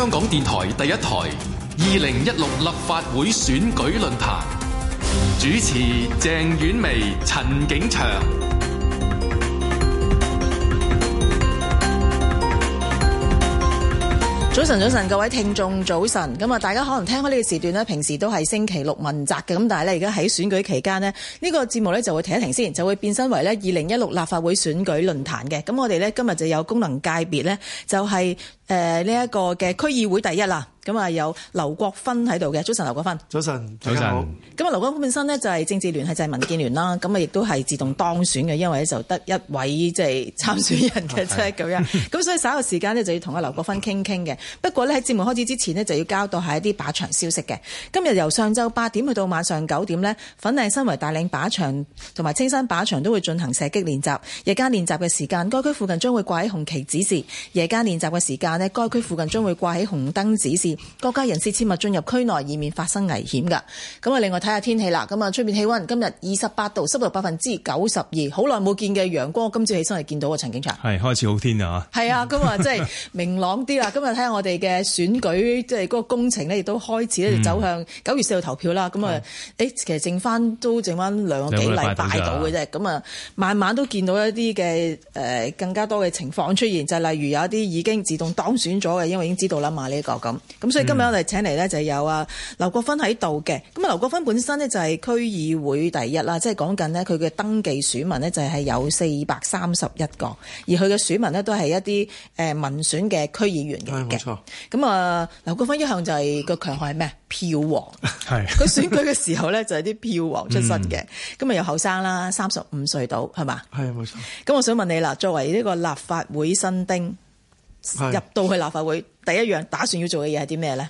香港電台第一台，二零一六立法會選舉論壇，主持鄭婉薇、陳景祥。早晨，早晨，各位聽眾，早晨！咁啊，大家可能聽開呢個時段咧，平時都係星期六問責嘅，咁但係咧，而家喺選舉期間咧，呢個節目咧就會停一停先，就會變身為咧二零一六立法會選舉論壇嘅。咁我哋咧今日就有功能界別呢就係、是。誒呢一個嘅區議會第一啦，咁啊有劉國勳喺度嘅，早晨劉國勳。早晨，早晨上。咁啊，劉國勳本身呢，就係政治聯繫就係、是、民建聯啦，咁啊亦都係自動當選嘅，因為就得一位即係參選人嘅啫咁樣。咁 所以稍後時間呢，就要同阿劉國勳傾傾嘅。不過呢，喺節目開始之前呢，就要交到係一啲靶場消息嘅。今日由上晝八點去到晚上九點呢，粉嶺新圍大嶺靶場同埋青山靶場都會進行射擊練習。夜間練習嘅時間，該區附近將會掛喺紅旗指示。夜間練習嘅時間，喺該區附近將會掛起紅燈指示，各家人士切勿進入區內，以免發生危險㗎。咁啊，另外睇下天氣啦。咁啊，出面氣温今日二十八度，濕度百分之九十二。好耐冇見嘅陽光，今朝起身係見到啊，陳景祥。係開始好天啊！係啊，今日即係明朗啲啦。今日睇下我哋嘅選舉，即係嗰個工程呢，亦都開始咧走向九月四號投票啦。咁啊、嗯，誒，其實剩翻都剩翻兩個幾禮拜到嘅啫。咁啊，慢慢都見到一啲嘅誒更加多嘅情況出現，就係例如有一啲已經自動當選咗嘅，因為已經知道啦嘛，呢、這、一個咁咁，所以今日我哋請嚟咧就有啊劉國勳喺度嘅。咁啊劉國勳本身咧就係區議會第一啦，即係講緊咧佢嘅登記選民咧就係有四百三十一個，而佢嘅選民咧都係一啲誒民選嘅區議員嘅。係、哎、冇錯，咁啊劉國勳一向就係個強項係咩？票王。係。佢選舉嘅時候咧就係啲票王出身嘅，嗯、今日又後生啦，三十五歲到係嘛？係，冇錯、哎。咁我想問你啦，作為呢個立法會新丁。入到去立法會是第一樣打算要做嘅嘢係啲咩呢？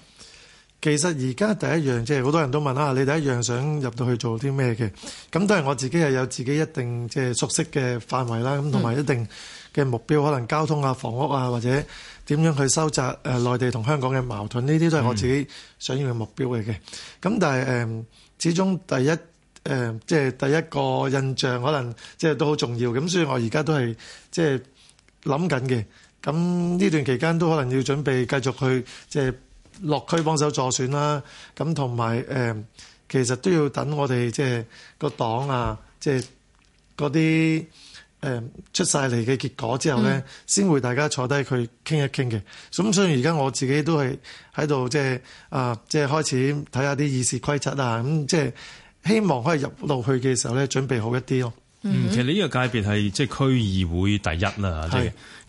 其現在？其實而家第一樣，即係好多人都問啊，你第一樣想入到去做啲咩嘅？咁都係我自己係有自己一定即係熟悉嘅範圍啦。咁同埋一定嘅目標，可能交通啊、房屋啊，或者點樣去收窄誒內地同香港嘅矛盾呢？啲都係我自己想要嘅目標嚟嘅。咁但係誒，始終第一誒，即、呃、係第一個印象可能即係都好重要。咁所以我而家都係即係諗緊嘅。咁呢段期間都可能要準備繼續去即係落區幫手助選啦。咁同埋誒，其實都要等我哋即係個黨啊，即係嗰啲誒出晒嚟嘅結果之後咧，嗯、先會大家坐低去傾一傾嘅。咁所以而家我自己都係喺度即係啊，即係、呃、開始睇下啲議事規則啊。咁即係希望可以入到去嘅時候咧，準備好一啲咯。嗯，其實你呢個界別係即係區議會第一啦，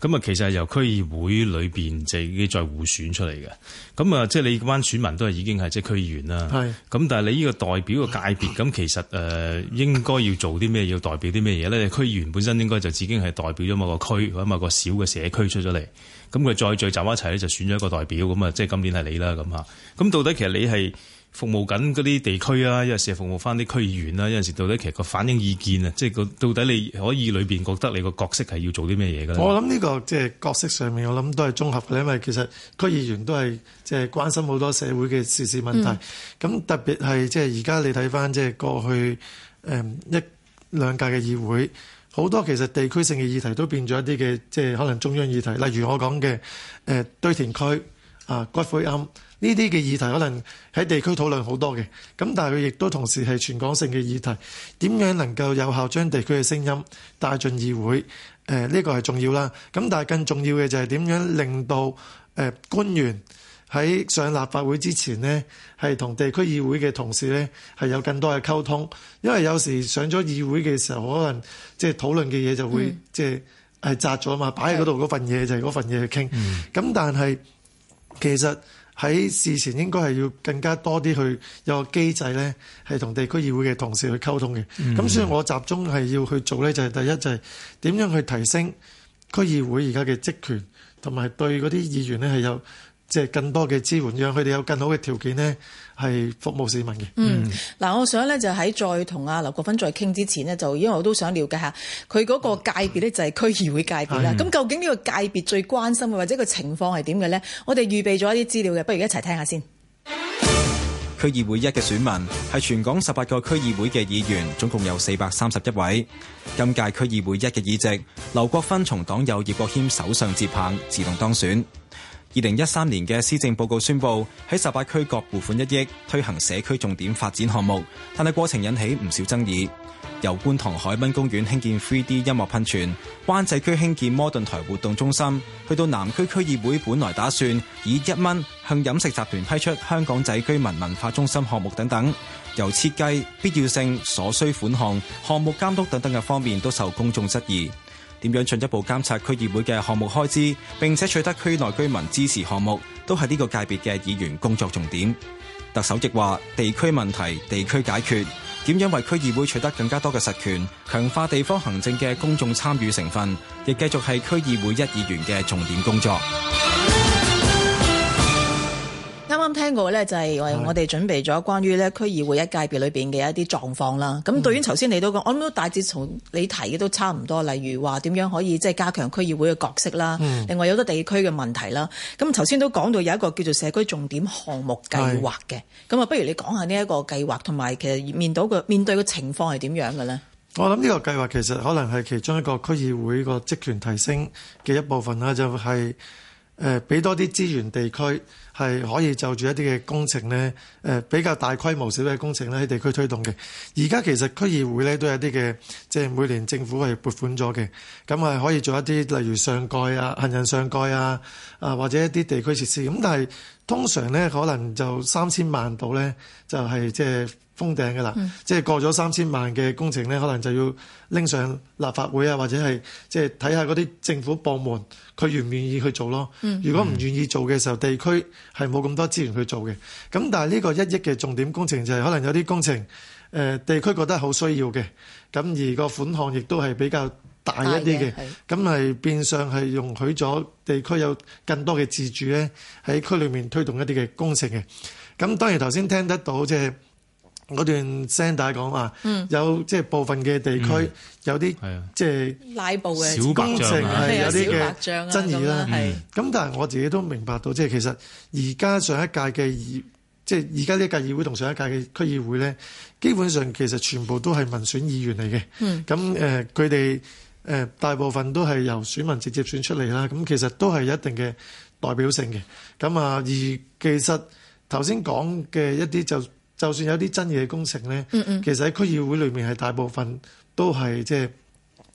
咁啊是其實係由區議會裏邊自己再互選出嚟嘅，咁啊即係你班選民都係已經係即係區議員啦，咁是但係你呢個代表嘅界別，咁其實誒、呃、應該要做啲咩，要代表啲咩嘢咧？區議員本身應該就已經係代表咗某個區或者某個小嘅社區出咗嚟，咁佢再聚集一齊咧就選咗一個代表，咁啊即係今年係你啦，咁咁到底其實你係服務緊嗰啲地區啊，有陣時服務翻啲區議員啊，有陣時到底其實個反映意見啊，即係個到底你可以裏邊覺得你個角色係要做啲咩嘢咧？我諗呢個即係角色上面，我諗都係綜合嘅，因為其實區議員都係即係關心好多社會嘅時事問題。咁、嗯、特別係即係而家你睇翻即係過去誒一兩屆嘅議會，好多其實地區性嘅議題都變咗一啲嘅，即係可能中央議題，例如我講嘅誒堆填區啊、骨灰龕。呢啲嘅議題可能喺地區討論好多嘅，咁但係佢亦都同時係全港性嘅議題。點樣能夠有效將地區嘅聲音帶進議會？誒、呃，呢、呢個係重要啦。咁但係更重要嘅就係點樣令到誒、呃、官員喺上立法會之前呢，係同地區議會嘅同事呢，係有更多嘅溝通。因為有時上咗議會嘅時候，可能即係討論嘅嘢就會、嗯、即係係窄咗嘛，擺喺嗰度嗰份嘢就係嗰份嘢去傾。咁、嗯、但係其實。喺事前應該係要更加多啲去有個機制咧，係同地區議會嘅同事去溝通嘅。咁所以我集中係要去做咧，就係第一就係，點樣去提升區議會而家嘅職權，同埋對嗰啲議員咧係有。即係更多嘅支援，讓佢哋有更好嘅條件呢係服務市民嘅。嗯，嗱、嗯，我想咧就喺再同阿劉國勳再傾之前呢，就因為我都想了解下佢嗰個界別呢就係區議會界別啦。咁的、嗯、究竟呢個界別最關心嘅或者個情況係點嘅呢？我哋預備咗一啲資料嘅，不如一齊聽下先。區議會一嘅選民係全港十八個區議會嘅議員，總共有四百三十一位。今屆區議會一嘅議席，劉國勳從黨友葉國謙手上接棒，自動當選。二零一三年嘅施政報告宣布喺十八區各撥款一億推行社區重點發展項目，但係過程引起唔少爭議。由觀塘海濱公園興建 3D 音樂噴泉，灣仔區興建摩頓台活動中心，去到南區區議會本來打算以一蚊向飲食集團批出香港仔居民文化中心項目等等，由設計、必要性、所需款項、項目監督等等嘅方面都受公眾質疑。點樣進一步監察區議會嘅項目開支，並且取得區內居民支持項目，都係呢個界別嘅議員工作重點。特首亦話：地區問題，地區解決。點樣為區議會取得更加多嘅實權，強化地方行政嘅公眾參與成分，亦繼續係區議會一議員嘅重點工作。啱啱聽過咧，就係我哋準備咗關於咧區議會一界別裏面嘅一啲狀況啦。咁是對於頭先你都講，我諗都大致從你提嘅都差唔多。例如話點樣可以即係加強區議會嘅角色啦，嗯、另外有好多地區嘅問題啦。咁頭先都講到有一個叫做社區重點項目計劃嘅。咁啊是，不如你講下呢一個計劃，同埋其實面到個面對嘅情況係點樣嘅咧？我諗呢個計劃其實可能係其中一個區議會個職權提升嘅一部分啦，就係、是。誒俾多啲資源地區係可以就住一啲嘅工程咧，誒比較大規模少嘅工程咧喺地區推動嘅。而家其實區議會咧都有啲嘅，即係每年政府係撥款咗嘅，咁啊可以做一啲例如上蓋啊、行人上蓋啊，啊或者一啲地區設施。咁但係通常咧可能就三千萬度咧就係即係。就是封頂㗎喇，即係過咗三千萬嘅工程咧，可能就要拎上立法會啊，或者係即係睇下嗰啲政府部門佢願唔願意去做咯。如果唔願意做嘅時候，地區係冇咁多資源去做嘅。咁但係呢個一億嘅重點工程就係、是、可能有啲工程誒、呃，地區覺得好需要嘅，咁而個款項亦都係比較大一啲嘅，咁係變相係容許咗地區有更多嘅自主咧，喺區裏面推動一啲嘅工程嘅。咁當然頭先聽得到即係。就是嗰段聲帶講話，有即係部分嘅地區有啲即係拉布嘅小白象、啊，城的有啲嘅爭議啦。咁、啊啊嗯、但係我自己都明白到，即係其實而家上一屆嘅議，即係而家呢一屆議會同上一屆嘅區議會咧，基本上其實全部都係民選議員嚟嘅。咁誒、嗯，佢哋誒大部分都係由選民直接選出嚟啦。咁其實都係有一定嘅代表性嘅。咁啊，而其實頭先講嘅一啲就。就算有啲爭議嘅工程呢，其實喺區議會裏面係大部分都係即係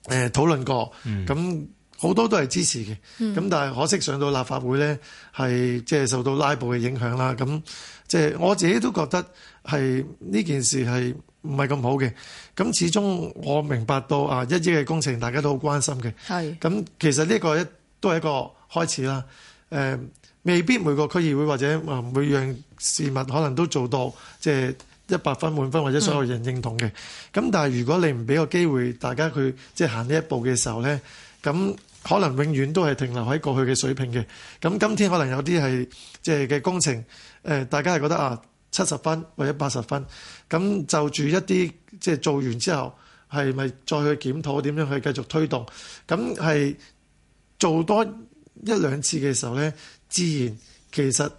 誒討論過，咁好、嗯、多都係支持嘅。咁、嗯、但係可惜上到立法會呢，係即係受到拉布嘅影響啦。咁即係我自己都覺得係呢件事係唔係咁好嘅。咁始終我明白到啊，一億嘅工程大家都好關心嘅。係咁是，其實呢個一都係一個開始啦。誒、呃，未必每個區議會或者每樣。嗯事物可能都做到即係一百分滿分或者所有人認同嘅。咁但係如果你唔俾個機會大家去即係行呢一步嘅時候咧，咁可能永遠都係停留喺過去嘅水平嘅。咁今天可能有啲係即係嘅工程，誒，大家係覺得啊七十分或者八十分。咁就住一啲即係做完之後，係咪再去檢討點樣去繼續推動，咁係做多一兩次嘅時候咧，自然其實。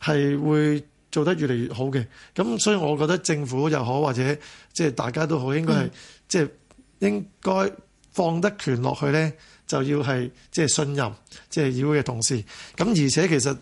係會做得越嚟越好嘅，咁所以我覺得政府又好或者即係大家都好，應該係即係應該放得權落去咧，就要係即係信任即係議會嘅同事，咁而且其實。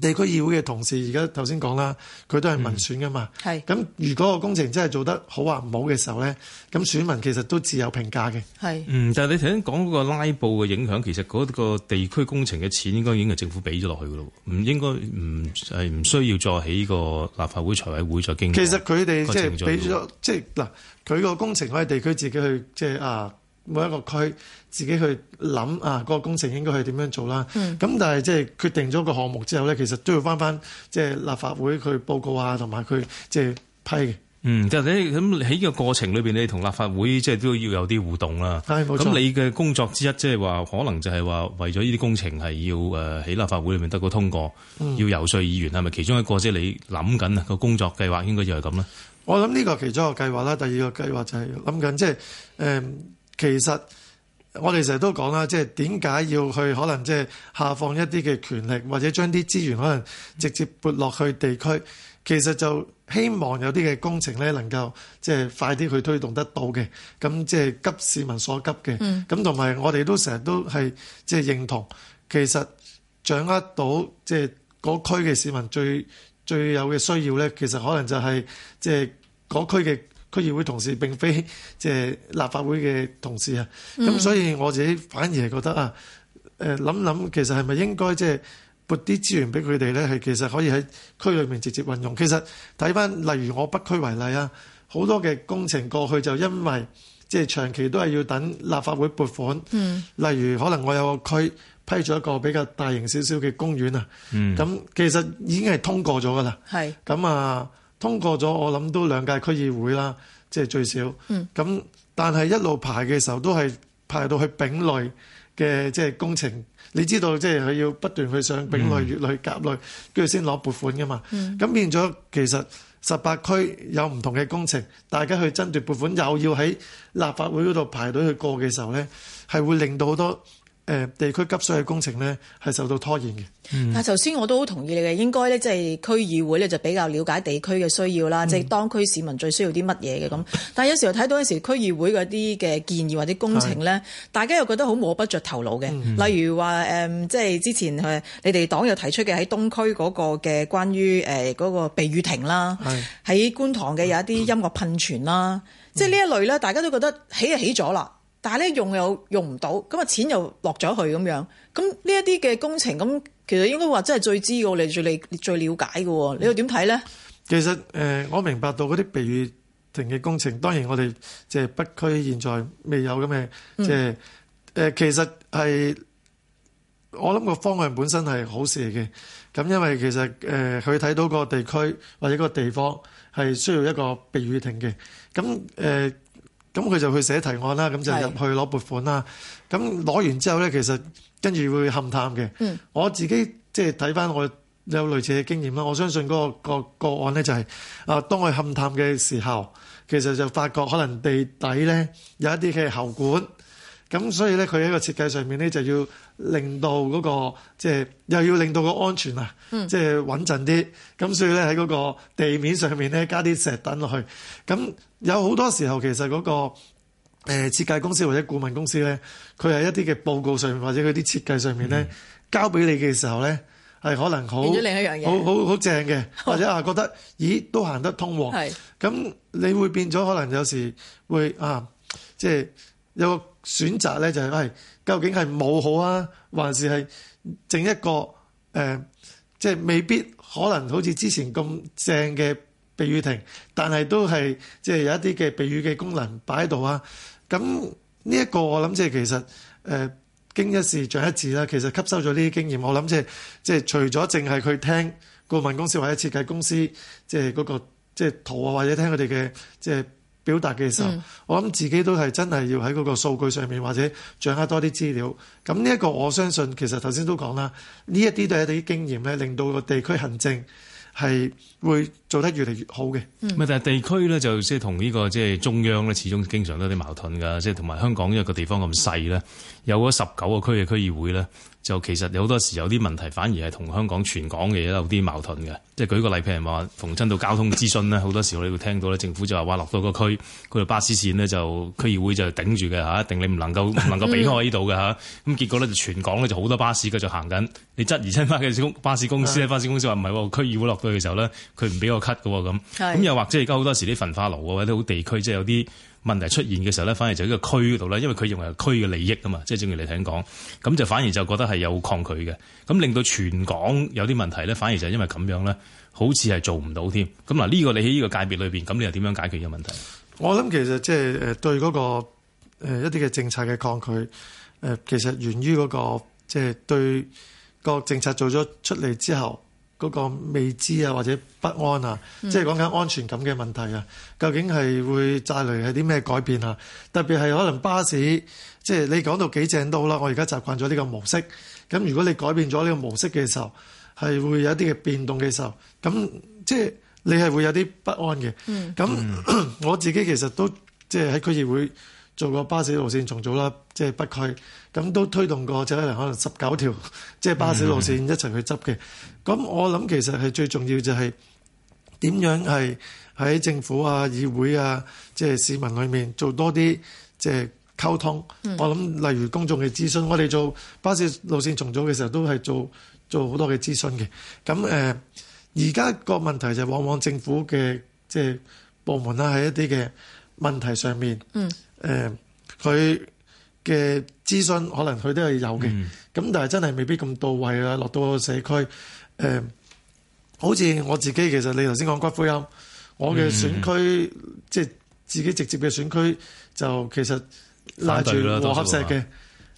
地區議會嘅同事而家頭先講啦，佢都係民選噶嘛。係咁、嗯，如果個工程真係做得好或唔好嘅時候咧，咁選民其實都自有評價嘅。係嗯，但係你頭先講嗰個拉布嘅影響，其實嗰個地區工程嘅錢應該已經係政府俾咗落去噶咯，唔應該唔係唔需要再起個立法會財委會再經過。其實佢哋了即係俾咗即係嗱，佢個工程可以地區自己去即係啊。每一個區自己去諗啊，嗰、那個工程應該去點樣做啦？咁、嗯、但係即係決定咗個項目之後咧，其實都要翻翻即係立法會去報告啊，同埋佢即係批嘅。嗯，就你咁喺呢個過程裏面，你同立法會即係都要有啲互動啦。係冇錯，咁你嘅工作之一，即係話可能就係話為咗呢啲工程係要誒喺立法會裏面得個通過，嗯、要遊說議員係咪其中一個即係、就是、你諗緊啊個工作計劃應該就係咁咧？我諗呢個其中一個計劃啦，第二個計劃就係諗緊即係其實我哋成日都講啦，即係點解要去可能即係下放一啲嘅權力，或者將啲資源可能直接撥落去地區，其實就希望有啲嘅工程咧能夠即係、就是、快啲去推動得到嘅，咁即係急市民所急嘅。咁同埋我哋都成日都係即係認同，其實掌握到即係嗰區嘅市民最最有嘅需要咧，其實可能就係即係嗰區嘅。區議會同事並非即係立法會嘅同事啊，咁、嗯、所以我自己反而係覺得啊，誒諗諗其實係咪應該即係撥啲資源俾佢哋呢？係其實可以喺區裏面直接運用。其實睇翻例如我北區為例啊，好多嘅工程過去就因為即係長期都係要等立法會撥款。嗯。例如可能我有個區批咗一個比較大型少少嘅公園啊。嗯。咁其實已經係通過咗㗎啦。係。咁啊。通過咗，我諗都兩屆區議會啦，即係最少。咁但係一路排嘅時候，都係排到去丙類嘅，即係工程。你知道，即係佢要不斷去上丙類、乙類、甲類，跟住先攞撥款噶嘛。嗯，咁變咗，其實十八區有唔同嘅工程，大家去爭奪撥款，又要喺立法會嗰度排隊去過嘅時候咧，係會令到好多。誒地區急需嘅工程呢，係受到拖延嘅，嗯。但係頭先我都好同意你嘅，應該呢，即係區議會呢就比較了解地區嘅需要啦，即係、嗯、當區市民最需要啲乜嘢嘅咁。嗯、但有時候睇到嗰時候區議會嗰啲嘅建議或者工程呢，是 大家又覺得好摸不着頭腦嘅。嗯、例如話誒，即、嗯、係、就是、之前你哋黨又提出嘅喺東區嗰個嘅關於誒嗰個避雨亭啦，喺是 觀塘嘅有一啲音樂噴泉啦，嗯、即係呢一類呢，大家都覺得起就起咗啦。但係咧用又用唔到，咁啊錢又落咗去咁樣，咁呢一啲嘅工程咁，其實應該話真係最知嘅，我最你最了解嘅喎，你又點睇咧？其實、呃、我明白到嗰啲避雨亭嘅工程，當然我哋即係北區現在未有咁嘅，即係、嗯呃、其實係我諗個方向本身係好事嚟嘅。咁因為其實佢睇、呃、到個地區或者個地方係需要一個避雨亭嘅，咁、呃、誒。嗯咁佢就去寫提案啦，咁就入去攞撥款啦。咁攞是完之後呢，其實跟住會勘探嘅。嗯、我自己即係睇翻我有類似嘅經驗啦。我相信嗰個個案呢，就係、是，啊，當佢勘探嘅時候，其實就發覺可能地底呢有一啲嘅喉管。咁所以咧，佢喺個設計上面咧，就要令到嗰、那個即係、就是、又要令到個安全啊，嗯、即係穩陣啲。咁所以咧，喺嗰個地面上面咧，加啲石墩落去。咁有好多時候，其實嗰個誒設計公司或者顧問公司咧，佢喺一啲嘅報告上面或者佢啲設計上面咧，嗯、交俾你嘅時候咧，係可能好好好好正嘅，或者啊覺得 咦都行得通喎、啊。咁是你會變咗可能有時會啊，即、就、係、是、有個選擇咧就係，究竟係冇好啊，還是係整一個誒、呃，即係未必可能好似之前咁正嘅避雨亭，但係都係即係有一啲嘅避雨嘅功能擺喺度啊。咁呢一個我諗即係其實誒、呃，經一事長一智啦。其實吸收咗呢啲經驗，我諗、就是、即係即係除咗淨係去聽顧問公司或者設計公司即係、那、嗰個即係圖啊，或者聽佢哋嘅即係。表達嘅時候，我諗自己都係真係要喺嗰個數據上面或者掌握多啲資料。咁呢一個我相信其實頭先都講啦，呢一啲都係一啲經驗咧，令到個地區行政係會做得越嚟越好嘅。咪、嗯、但係地區咧就即係同呢個即係中央咧，始終經常都有啲矛盾㗎。即係同埋香港一個地方咁細咧，有咗十九個區嘅區議會咧。就其實有好多時有啲問題，反而係同香港全港嘅有啲矛盾嘅。即係舉個例，譬如話逢親到交通諮詢咧，好多時你會聽到咧，政府就話落到個區，佢個巴士線呢就區議會就頂住嘅，一定你唔能夠唔能夠俾開呢度嘅。咁結果咧就全港咧就好多巴士繼續行緊，你質疑親翻嘅巴士公司咧，巴士公司話唔係喎，區議會落到嘅時候咧，佢唔俾我 cut 嘅喎咁。咁是又或者而家好多時啲焚化爐或者好地區即係有啲。問題出現嘅時候咧，反而就喺個區嗰度咧，因為佢認為係區嘅利益啊嘛，即係正如你聽講咁就反而就覺得係有抗拒嘅，咁令到全港有啲問題咧，反而就因為咁樣咧，好似係做唔到添。咁嗱，呢個你喺呢個界別裏邊，咁你又點樣解決呢個問題？我諗其實即係誒對嗰個、呃、一啲嘅政策嘅抗拒誒、呃，其實源於嗰個即係、就是、對個政策做咗出嚟之後。嗰個未知啊，或者不安啊，嗯、即係講緊安全感嘅問題啊。究竟係會帶嚟係啲咩改變啊？特別係可能巴士，即係你講到幾正都好啦。我而家習慣咗呢個模式，咁如果你改變咗呢個模式嘅時候，係會有一啲嘅變動嘅時候，咁即係你係會有啲不安嘅。咁我自己其實都即係喺區議會做過巴士路線重組啦，即係北區，咁都推動過即係可能十九條即係巴士路線一齊去執嘅。嗯咁我諗，其實係最重要就係點樣係喺政府啊、議會啊、即係市民裏面做多啲即係溝通。我諗，例如公眾嘅諮詢，我哋做巴士路線重組嘅時候都係做做好多嘅諮詢嘅。咁誒，而家個問題就往往政府嘅即係部門啦，喺一啲嘅問題上面，誒佢嘅諮詢可能佢都係有嘅，咁但係真係未必咁到位啦，落到社區。誒、嗯，好似我自己，其實你頭先講骨灰龕，我嘅選區、嗯、即係自己直接嘅選區，就其實拉住和合石嘅。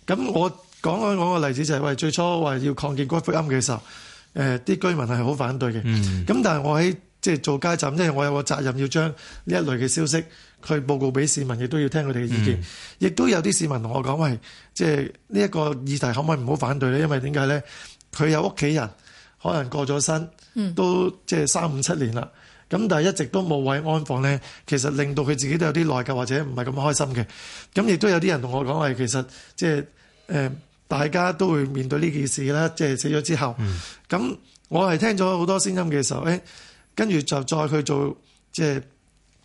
咁我講緊嗰個例子就係、是、喂，最初話要擴建骨灰龕嘅時候，誒、呃，啲居民係好反對嘅。咁、嗯、但係我喺即係做街站，因為我有個責任要將呢一類嘅消息去報告俾市民，亦都要聽佢哋嘅意見。亦都、嗯、有啲市民同我講，喂，即係呢一個議題可唔可以唔好反對咧？因為點解咧？佢有屋企人。可能過咗身，都即係三五七年啦。咁但係一直都冇位安放咧，其實令到佢自己都有啲內疚或者唔係咁開心嘅。咁亦都有啲人同我講話，其實即係誒，大家都會面對呢件事啦。即係死咗之後，咁、嗯、我係聽咗好多聲音嘅時候，誒，跟住就再去做即係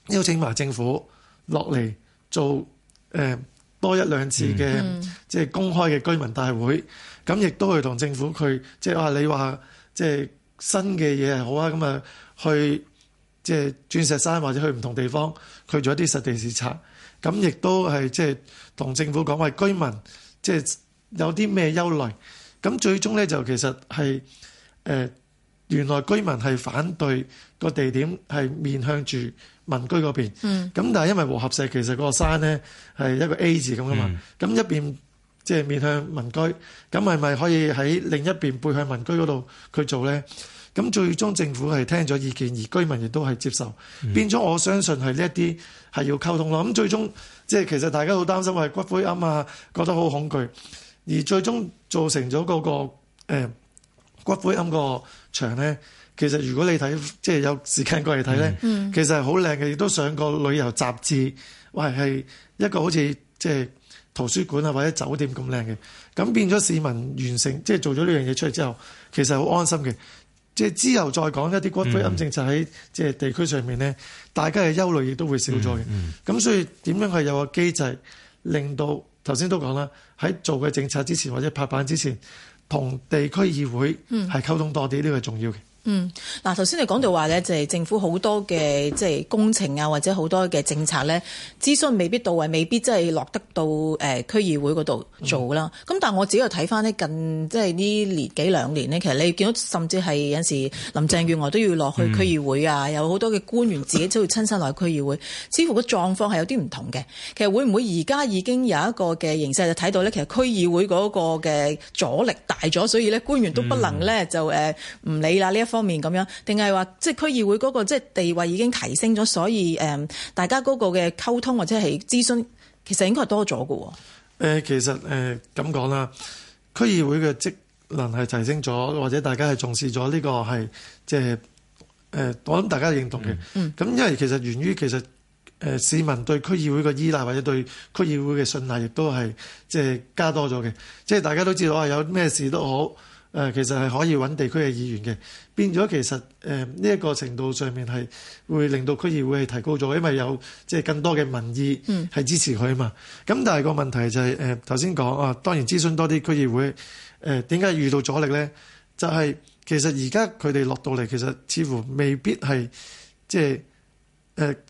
邀請埋政府落嚟做誒多一兩次嘅即係公開嘅居民大會。咁亦都係同政府去即係話你話。即係新嘅嘢係好啊，咁啊去即係鑽石山或者去唔同地方去做一啲實地視察，咁亦都係即係同政府講話，居民即係有啲咩憂慮，咁最終咧就其實係誒，原來居民係反對個地點係面向住民居嗰邊嗯，咁但係因為和合石其實那個山咧係一個 A 字咁啊嘛，咁入邊。即係面向民居，咁係咪可以喺另一邊背向民居嗰度去做呢？咁最終政府係聽咗意見，而居民亦都係接受。嗯、變咗我相信係呢一啲係要溝通咯。咁最終即係其實大家好擔心係骨灰龕啊，覺得好恐懼，而最終造成咗嗰、嗰個、呃、骨灰龕個場呢。其實如果你睇即係有時間過嚟睇呢，嗯、其實係好靚嘅，亦都上過旅遊雜誌，話係一個好似即係。圖書館啊，或者酒店咁靚嘅，咁變咗市民完成，即係做咗呢樣嘢出嚟之後，其實好安心嘅。即係之後再講一啲骨灰龕政策喺即係地區上面咧，mm. 大家嘅憂慮亦都會少咗嘅。咁、mm. 所以點樣去有個機制令到頭先都講啦，喺做嘅政策之前或者拍板之前，同地區議會係溝通多啲，呢個、mm. 重要嘅。嗯，嗱，頭先你講到話咧，就係、是、政府好多嘅即係工程啊，或者好多嘅政策咧，諮詢未必到位，未必即係落得到誒區議會嗰度做啦。咁、嗯、但係我自己又睇翻咧，近即係呢年幾兩年咧，其實你見到甚至係有陣時林鄭月娥都要落去區議會啊，嗯、有好多嘅官員自己都要親身落去區議會，似乎個狀況係有啲唔同嘅。其實會唔會而家已經有一個嘅形勢，就睇到咧，其實區議會嗰個嘅阻力大咗，所以咧官員都不能咧就誒唔、嗯呃、理啦呢一。方面咁樣，定係話即係區議會嗰個即係地位已經提升咗，所以誒，大家嗰個嘅溝通或者係諮詢，其實應該係多咗㗎喎。誒，其實誒咁講啦，區議會嘅職能係提升咗，或者大家係重視咗呢個係即係誒，我諗大家認同嘅，嗯。嗯，咁因為其實源於其實誒市民對區議會嘅依賴或者對區議會嘅信賴亦都係即係加多咗嘅。即係大家都知道啊，有咩事都好。誒，其實係可以揾地區嘅議員嘅。變咗其實誒呢一個程度上面係會令到區議會係提高咗，因為有即係更多嘅民意係支持佢啊嘛。咁、嗯、但係個問題就係誒，頭先講啊，當然諮詢多啲區議會誒點解遇到阻力咧？就係、是、其實而家佢哋落到嚟，其實似乎未必係即係誒。就是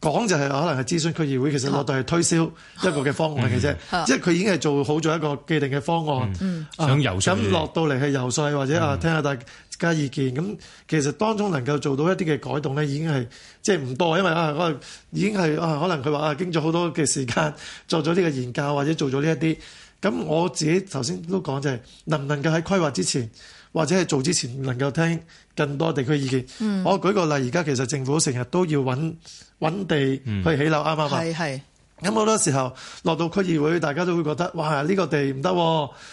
講就係可能係諮詢區議會，其實落到係推銷一個嘅方案嘅啫，嗯、即係佢已經係做好咗一個既定嘅方案，嗯嗯啊、想遊咁落到嚟係遊說或者啊聽下大家意見咁。其實當中能夠做到一啲嘅改動咧，已經係即係唔多，因為啊，我、啊、已經係啊，可能佢話啊，經咗好多嘅時間做咗呢個研究，或者做咗呢一啲咁。我自己頭先都講就係能唔能夠喺規劃之前。或者係做之前能夠聽更多地區意見。嗯、我舉個例，而家其實政府成日都要揾揾地去起樓，啱唔啱啊？係係。咁好多時候落到區議會，大家都會覺得哇！呢個地唔得，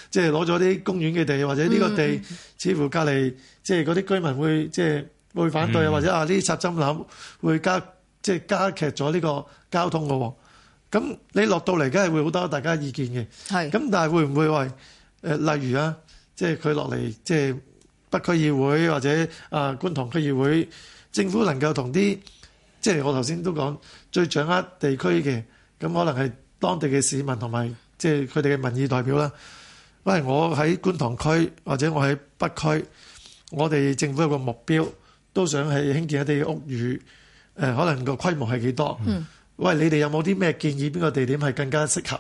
即係攞咗啲公園嘅地，或者呢個地、嗯、似乎隔離，即係嗰啲居民會即係、就是、會反對，嗯、或者啊呢啲插針樓會加即係、就是、加劇咗呢個交通嘅。咁你落到嚟，梗係會好多大家意見嘅。係是。咁但係會唔會話誒、呃、例如啊？即係佢落嚟，即係北區議會或者啊觀塘區議會，政府能夠同啲，即係我頭先都講，最掌握地區嘅，咁可能係當地嘅市民同埋，即係佢哋嘅民意代表啦。喂，我喺觀塘區或者我喺北區，我哋政府有個目標，都想係興建一啲屋宇，誒，可能個規模係幾多？嗯。喂，你哋有冇啲咩建議？邊個地點係更加適合？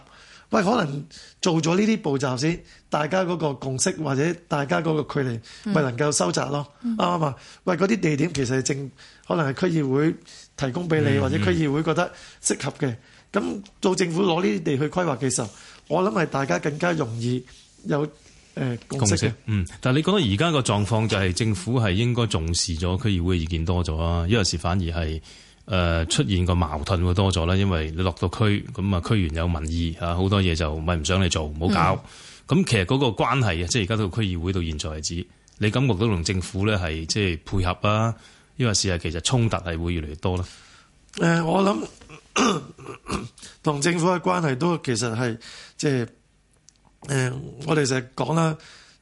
喂，可能做咗呢啲步驟先，大家嗰個共識或者大家嗰個距離，咪、嗯、能夠收窄咯，啱嘛、嗯？喂，嗰啲地點其實正可能係區議會提供俾你，或者區議會覺得適合嘅。咁、嗯、做政府攞呢啲地去規劃嘅時候，我諗係大家更加容易有誒、呃、共識嘅。嗯，但係你講到而家個狀況就係政府係應該重視咗區議會意見多咗啊，有時反而係。誒、呃、出現個矛盾會多咗啦，因為你落到區，咁啊區員有民意嚇，好多嘢就唔係唔想你做，唔好搞。咁、嗯、其實嗰個關係啊，即係而家到區議會到現在為止，你感覺到同政府咧係即係配合啊？抑或係其實衝突係會越嚟越多啦。誒、呃，我諗同政府嘅關係都其實係即係誒、呃，我哋成日講啦。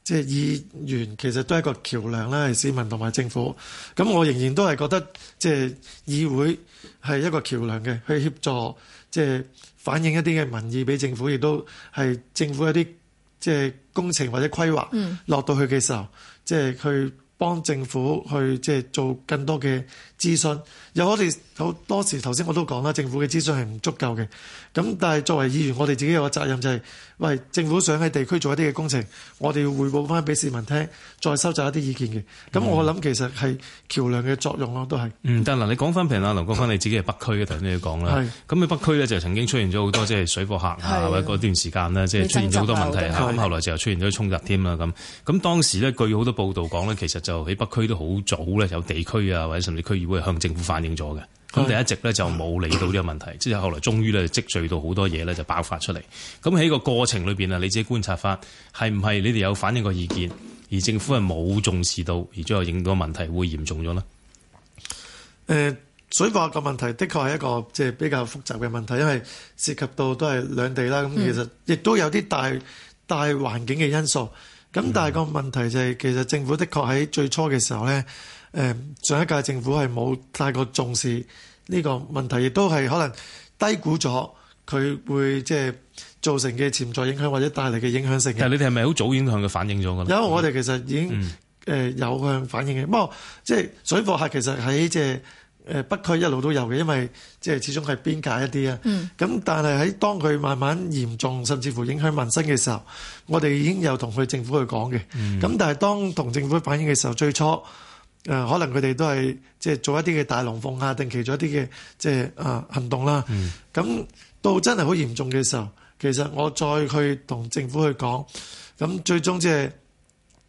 即係議員其實都係一個橋梁啦，係市民同埋政府。咁我仍然都係覺得，即係議會係一個橋梁嘅，去協助即係反映一啲嘅民意俾政府，亦都係政府一啲即係工程或者規劃落到去嘅時候，即係、嗯、去。幫政府去即係做更多嘅諮詢，有我哋好多時頭先我都講啦，政府嘅諮詢係唔足夠嘅。咁但係作為議員，我哋自己有個責任就係、是，喂，政府想喺地區做一啲嘅工程，我哋要彙報翻俾市民聽，再收集一啲意見嘅。咁我諗其實係橋梁嘅作用咯，都係。嗯，但嗱，你講翻譬如國勳哥翻你自己係北區嘅，頭先你講啦，係是。咁你北區咧就曾經出現咗好多即係水貨客，客啊，或者嗰段時間咧即係出現咗好多問題嚇，咁、啊、後來就又出現咗衝突添啦咁。咁是、啊、當時咧據好多報道講咧，其實就喺北區都好早咧，有地區啊或者甚至區議會向政府反映咗嘅，咁但係一直咧就冇理到呢個問題，即係後來終於咧積聚到好多嘢咧就爆發出嚟。咁喺個過程裏邊啊，你自己觀察返係唔係你哋有反映過意見，而政府係冇重視到，而最後影到個問題會嚴重咗呢？誒、呃，水貨個問題的確係一個即係比較複雜嘅問題，因為涉及到都係兩地啦。咁其實亦都有啲大大環境嘅因素。咁但係個問題就係，其實政府的確喺最初嘅時候咧，誒上一屆政府係冇太過重視呢個問題，亦都係可能低估咗佢會即係造成嘅潛在影響或者帶嚟嘅影響性嘅。係，你哋係咪好早已經向佢反映咗嘅？因為我哋其實已經誒有向反映嘅，不過即係水貨客其實喺即係。誒北區一路都有嘅，因為即係始終係邊界一啲啊。咁、嗯、但係喺當佢慢慢嚴重，甚至乎影響民生嘅時候，我哋已經有同佢政府去講嘅。咁、嗯、但係當同政府反映嘅時候，最初誒可能佢哋都係即係做一啲嘅大龍鳳啊，定期做一啲嘅即係啊行動啦。咁、嗯、到真係好嚴重嘅時候，其實我再去同政府去講，咁最終即係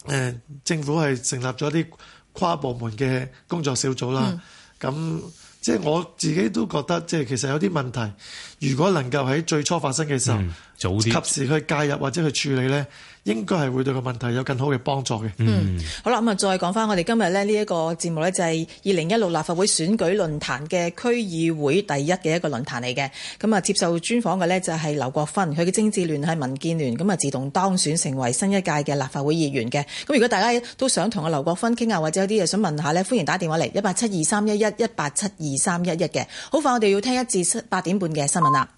誒政府係成立咗啲跨部門嘅工作小組啦。嗯咁即係我自己都覺得，即係其實有啲問題，如果能夠喺最初發生嘅時候。嗯早及時去介入或者去處理呢，應該係會對個問題有更好嘅幫助嘅，嗯。嗯，好啦，咁啊，再講翻我哋今日咧呢一個節目呢，就係二零一六立法會選舉論壇嘅區議會第一嘅一個論壇嚟嘅。咁啊，接受專訪嘅呢，就係劉國勳，佢嘅政治聯繫民建聯，咁啊自動當選成為新一屆嘅立法會議員嘅。咁如果大家都想同阿劉國勳傾下，或者有啲嘢想問下呢，歡迎打電話嚟一八七二三一一一八七二三一一嘅。好快，我哋要聽一至八點半嘅新聞啦。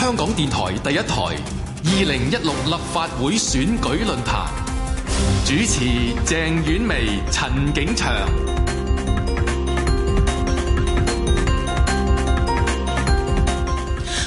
香港電台第一台，二零一六立法會選舉論壇，主持鄭婉薇、陳景祥。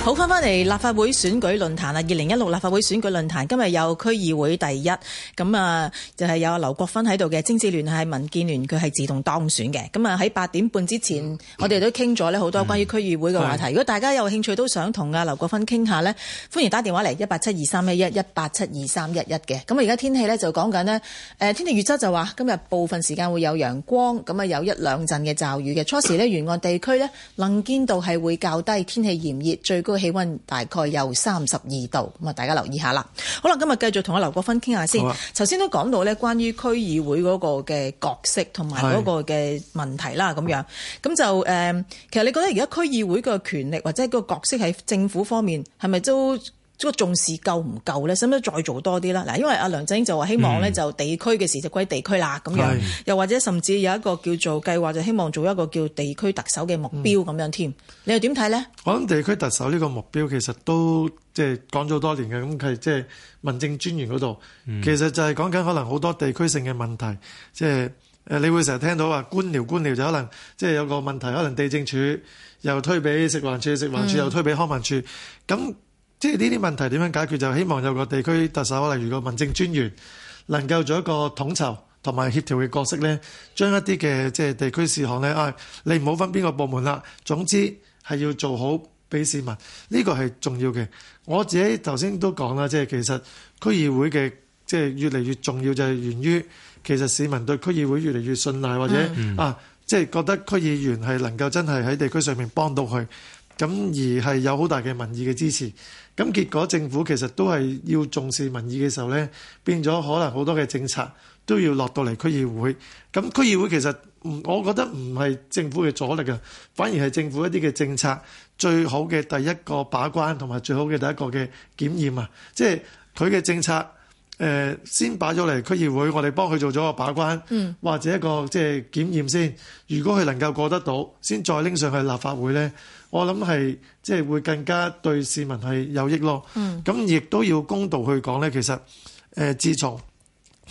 好返返嚟立法會選舉論壇啊！二零一六立法會選舉論壇，今日有區議會第一，咁啊就係、是、有劉國勳喺度嘅，政治聯繫民建聯佢係自動當選嘅，咁啊喺八點半之前，嗯、我哋都傾咗呢好多關於區議會嘅話題。嗯、如果大家有興趣都想同阿劉國勳傾下呢，歡迎打電話嚟一八七二三一一一八七二三一一嘅。咁啊而家天氣呢，就講緊呢，誒、呃、天氣預測就話今日部分時間會有陽光，咁啊有一兩陣嘅驟雨嘅。初時呢，沿岸地區呢，能見度係會較低，天氣炎熱，最個氣溫大概有三十二度，咁啊大家留意下啦。好啦，今日繼續同阿劉國勳傾下先。頭先都講到咧，關於區議會嗰個嘅角色同埋嗰個嘅問題啦，咁樣咁就誒，其實你覺得而家區議會個權力或者嗰個角色喺政府方面，係咪都，個重視夠唔夠咧？使唔使再做多啲啦？嗱，因為阿梁振英就話希望咧就地區嘅事就歸地區啦，咁、嗯、樣又，是又或者甚至有一個叫做計劃，就希望做一個叫地區特首嘅目標咁樣添。嗯、你又點睇呢？我諗地區特首呢個目標其實都即係講咗多年嘅，咁即係民政專員嗰度，嗯、其實就係講緊可能好多地區性嘅問題，即、就、係、是、你會成日聽到話官僚，官僚就可能即係、就是、有個問題，可能地政處又推俾食環處，食環處又推俾康文處咁。嗯即係呢啲問題點樣解決？就希望有個地區特首，例如個民政專員，能夠做一個統籌同埋協調嘅角色咧，將一啲嘅即係地區事項咧，唉、啊，你唔好分邊個部門啦。總之係要做好俾市民，呢個係重要嘅。我自己頭先都講啦，即係其實區議會嘅即係越嚟越重要，就係源於其實市民對區議會越嚟越信賴，或者啊，即係覺得區議員係能夠真係喺地區上面幫到佢。咁而係有好大嘅民意嘅支持，咁結果政府其實都係要重視民意嘅時候，呢變咗可能好多嘅政策都要落到嚟區議會。咁區議會其實唔，我覺得唔係政府嘅阻力啊，反而係政府一啲嘅政策最好嘅第一個把關同埋最好嘅第一個嘅檢驗啊。即係佢嘅政策誒先擺咗嚟區議會，我哋幫佢做咗個把關，或者一個即係檢驗先。如果佢能夠過得到，先再拎上去立法會呢。我諗係即係會更加對市民係有益咯。咁亦都要公道去講咧，其實誒，自從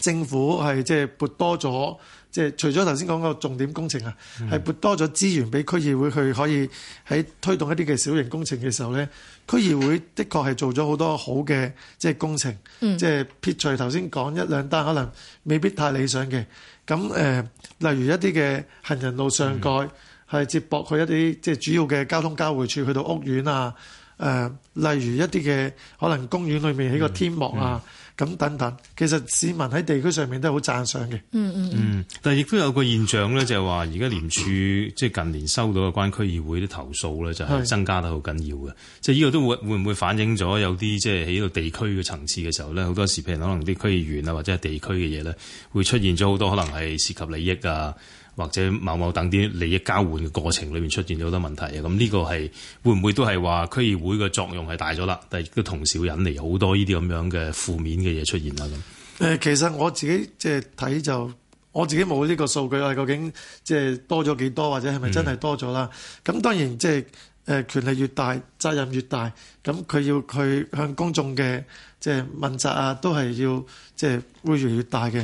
政府係即係撥多咗，即係除咗頭先講個重點工程啊，係、嗯、撥多咗資源俾區議會去可以喺推動一啲嘅小型工程嘅時候咧，區議會的確係做咗好多好嘅即係工程，即係、嗯、撇除頭先講一兩單可能未必太理想嘅。咁、呃、例如一啲嘅行人路上蓋。嗯係接駁去一啲即係主要嘅交通交匯處，去到屋苑啊，誒、呃，例如一啲嘅可能公園裏面起個天幕啊，咁、嗯嗯、等等。其實市民喺地區上面都係好讚賞嘅。嗯嗯。嗯，嗯但係亦都有個現象咧，就係話而家廉署即係近年收到嘅關區議會啲投訴咧，就係增加得好緊要嘅。即係呢個都會會唔會反映咗有啲即係喺呢個地區嘅層次嘅時候咧，好多時譬如可能啲區議員啊，或者係地區嘅嘢咧，會出現咗好多可能係涉及利益啊。或者某某等啲利益交換嘅過程裏邊出現咗好多問題，啊！咁呢個係會唔會都係話區議會嘅作用係大咗啦，但係亦都同時引嚟好多呢啲咁樣嘅負面嘅嘢出現啦咁。誒，其實我自己即係睇就，我自己冇呢個數據啊，究竟即係多咗幾多，或者係咪真係多咗啦？咁、嗯、當然即係誒權力越大，責任越大，咁佢要佢向公眾嘅即係問責啊，都係要即係會越嚟越大嘅。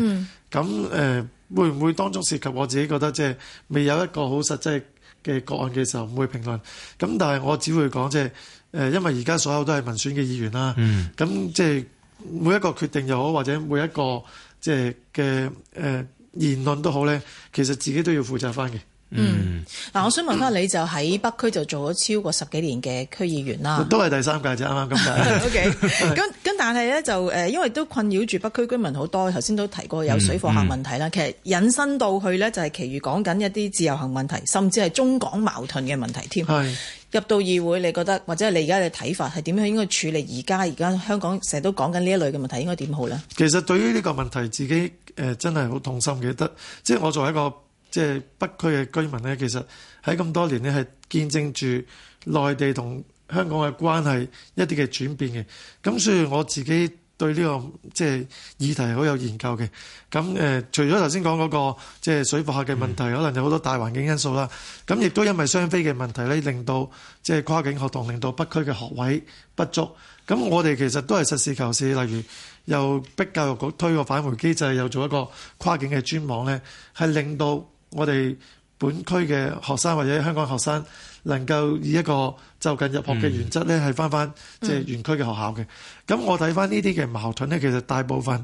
咁誒、嗯。會唔會當中涉及，我自己覺得，即係未有一個好實際嘅個案嘅時候唔會評論，咁但係我只會講即係誒，因為而家所有都係民選嘅議員啦，嗯，咁即係每一個決定又好，或者每一個即係嘅誒言論都好咧，其實自己都要負責返嘅。嗯，嗱，我想問翻你，就喺北區就做咗超過十幾年嘅區議員啦，都係第三屆啫，啱啱今屆咁咁 okay, 但係咧就誒，因為都困擾住北區居民好多，頭先都提過有水貨客問題啦，嗯嗯、其實引申到去咧就係其餘講緊一啲自由行問題，甚至係中港矛盾嘅問題添。是入到議會，你覺得或者你而家嘅睇法係點樣應該處理？而家而家香港成日都講緊呢一類嘅問題，應該點好呢？其實對於呢個問題，自己誒、呃、真係好痛心嘅，記得即係我作為一個。即係北區嘅居民咧，其實喺咁多年咧係見證住內地同香港嘅關係一啲嘅轉變嘅。咁所以我自己對呢個即係議題好有研究嘅。咁誒，除咗頭先講嗰個即係水貨客嘅問題，可能有好多大環境因素啦、嗯。咁亦都因為雙非嘅問題咧，令到即係跨境學童，令到北區嘅學位不足。咁我哋其實都係實事求是，例如又逼教育局推個返回機制，又做一個跨境嘅專網咧，係令到。我哋本區嘅學生或者香港學生能夠以一個就近入學嘅原則咧，係翻翻即係原區嘅學校嘅。咁、嗯嗯、我睇翻呢啲嘅矛盾咧，其實大部分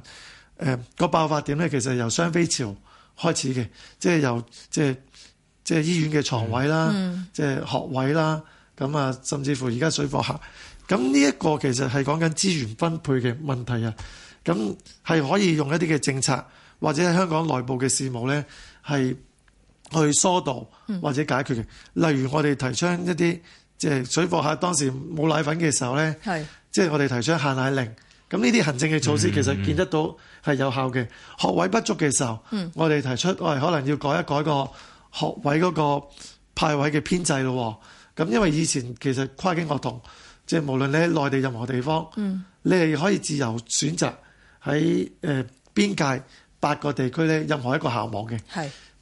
誒個、呃、爆發點咧，其實由雙非潮開始嘅，即係由即係即係醫院嘅床位啦，嗯嗯、即係學位啦，咁啊，甚至乎而家水貨客。咁呢一個其實係講緊資源分配嘅問題啊。咁係可以用一啲嘅政策或者係香港內部嘅事務咧，係。去疏導或者解決嘅，例如我哋提倡一啲即係水貨客當時冇奶粉嘅時候呢，即係是我哋提出限奶令。咁呢啲行政嘅措施其實見得到係有效嘅。嗯、學位不足嘅時候，嗯、我哋提出，我哋可能要改一改個學位嗰個派位嘅編制咯。咁因為以前其實跨境學童，即、就、係、是、無論你喺內地任何地方，嗯、你係可以自由選擇喺誒、呃、邊界八個地區呢，任何一個校網嘅。